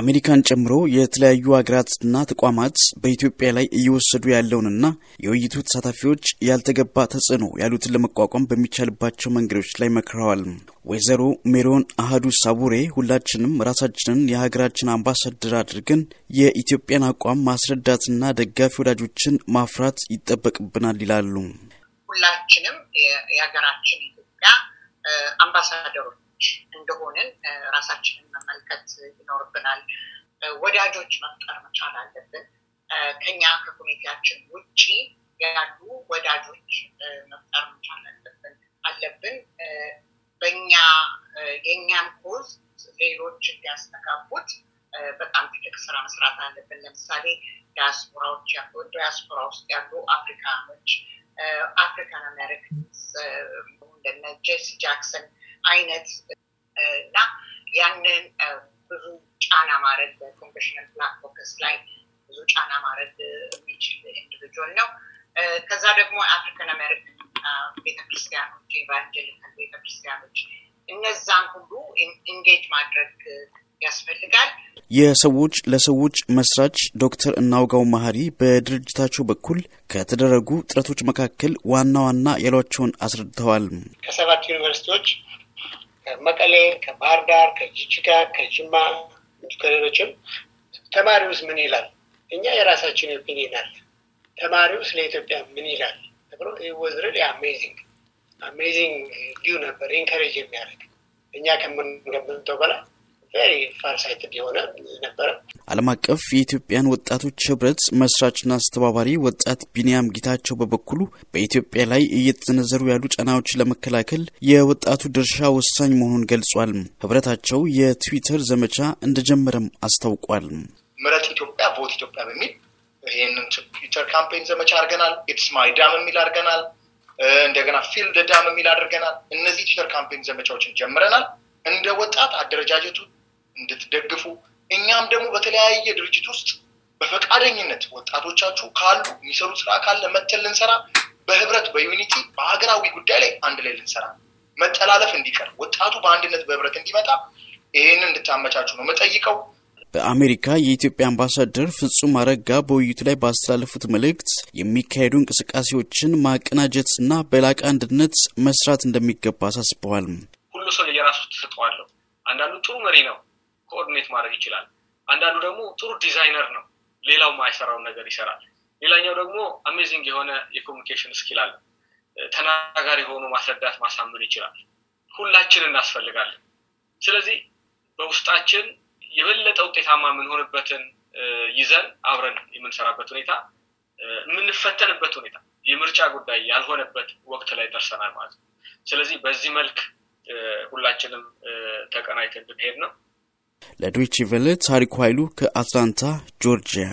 አሜሪካን ጨምሮ የተለያዩ ሀገራትና ተቋማት በኢትዮጵያ ላይ እየወሰዱ ያለውንና የውይይቱ ተሳታፊዎች ያልተገባ ተጽዕኖ ያሉትን ለመቋቋም በሚቻልባቸው መንገዶች ላይ መክረዋል። ወይዘሮ ሜሮን አህዱ ሳቡሬ ሁላችንም ራሳችንን የሀገራችን አምባሳደር አድርገን የኢትዮጵያን አቋም ማስረዳትና ደጋፊ ወዳጆችን ማፍራት ይጠበቅብናል ይላሉ። ሁላችንም የሀገራችን ኢትዮጵያ አምባሳደሮች ሰዎች እንደሆንን ራሳችንን መመልከት ይኖርብናል። ወዳጆች መፍጠር መቻል አለብን። ከኛ ከኮሚቴያችን ውጭ ያሉ ወዳጆች መፍጠር መቻል አለብን አለብን በእኛ የእኛን ኮዝ ሌሎች እንዲያስተጋቡት በጣም ትልቅ ስራ መስራት አለብን። ለምሳሌ ዲያስፖራዎች ያሉ ዲያስፖራ ውስጥ ያሉ አፍሪካኖች አፍሪካን አሜሪካንስ እንደነ ጄሲ ጃክሰን አይነት እና ያንን ብዙ ጫና ማረግ በኮንፌሽናል ብላክ ፎከስ ላይ ብዙ ጫና ማረግ የሚችል ኢንዲቪጁዋል ነው። ከዛ ደግሞ አፍሪካን አሜሪካን ቤተክርስቲያኖች፣ ኢቫንጀሊካል ቤተክርስቲያኖች እነዛን ሁሉ ኢንጌጅ ማድረግ ያስፈልጋል። የሰዎች ለሰዎች መስራች ዶክተር እናውጋው መሀሪ በድርጅታቸው በኩል ከተደረጉ ጥረቶች መካከል ዋና ዋና ያሏቸውን አስረድተዋል። ከሰባት ዩኒቨርሲቲዎች ከመቀሌ፣ ከባህር ዳር፣ ከጅጅጋ፣ ከጅማ ከሌሎችም ተማሪውስ ምን ይላል? እኛ የራሳችን ኦፒኒየን አለ። ተማሪውስ ለኢትዮጵያ ምን ይላል ተብሎ ወዝርል አሜዚንግ አሜዚንግ ቪው ነበር። ኢንካሬጅ የሚያደርግ እኛ ከምንገምተው በላይ ቬሪ ፋርሳይትድ የሆነ ነበረ። ዓለም አቀፍ የኢትዮጵያን ወጣቶች ህብረት መስራችና አስተባባሪ ወጣት ቢንያም ጌታቸው በበኩሉ በኢትዮጵያ ላይ እየተዘነዘሩ ያሉ ጫናዎችን ለመከላከል የወጣቱ ድርሻ ወሳኝ መሆኑን ገልጿል። ህብረታቸው የትዊተር ዘመቻ እንደጀመረም አስታውቋል። ምረት ኢትዮጵያ፣ ቮት ኢትዮጵያ በሚል ይህንን ትዊተር ካምፔን ዘመቻ አድርገናል። ኢትስ ማይ ዳም የሚል አድርገናል። እንደገና ፊልድ ዳም የሚል አድርገናል። እነዚህ ትዊተር ካምፔን ዘመቻዎችን ጀምረናል። እንደ ወጣት አደረጃጀቱ እንድትደግፉ እኛም ደግሞ በተለያየ ድርጅት ውስጥ በፈቃደኝነት ወጣቶቻችሁ ካሉ የሚሰሩ ስራ ካለ መተን ልንሰራ በህብረት በዩኒቲ በሀገራዊ ጉዳይ ላይ አንድ ላይ ልንሰራ መጠላለፍ እንዲቀር ወጣቱ በአንድነት በህብረት እንዲመጣ ይህንን እንድታመቻችሁ ነው የምጠይቀው። በአሜሪካ የኢትዮጵያ አምባሳደር ፍጹም አረጋ በውይይቱ ላይ ባስተላለፉት መልእክት የሚካሄዱ እንቅስቃሴዎችን ማቀናጀትና በላቀ አንድነት መስራት እንደሚገባ አሳስበዋል። ሁሉ ሰው የራሱ ተሰጥኦ አንዳንዱ ጥሩ መሪ ነው ኮኦርዲኔት ማድረግ ይችላል። አንዳንዱ ደግሞ ጥሩ ዲዛይነር ነው፣ ሌላው ማይሰራውን ነገር ይሰራል። ሌላኛው ደግሞ አሜዚንግ የሆነ የኮሚኒኬሽን ስኪል አለ፣ ተናጋሪ የሆኑ ማስረዳት ማሳመን ይችላል። ሁላችን እናስፈልጋለን። ስለዚህ በውስጣችን የበለጠ ውጤታማ የምንሆንበትን ይዘን አብረን የምንሰራበት ሁኔታ የምንፈተንበት ሁኔታ የምርጫ ጉዳይ ያልሆነበት ወቅት ላይ ደርሰናል ማለት ነው። ስለዚህ በዚህ መልክ ሁላችንም ተቀናይተን ብንሄድ ነው ለዶይቼ ቬለ ታሪኩ ኃይሉ ከአትላንታ ጆርጂያ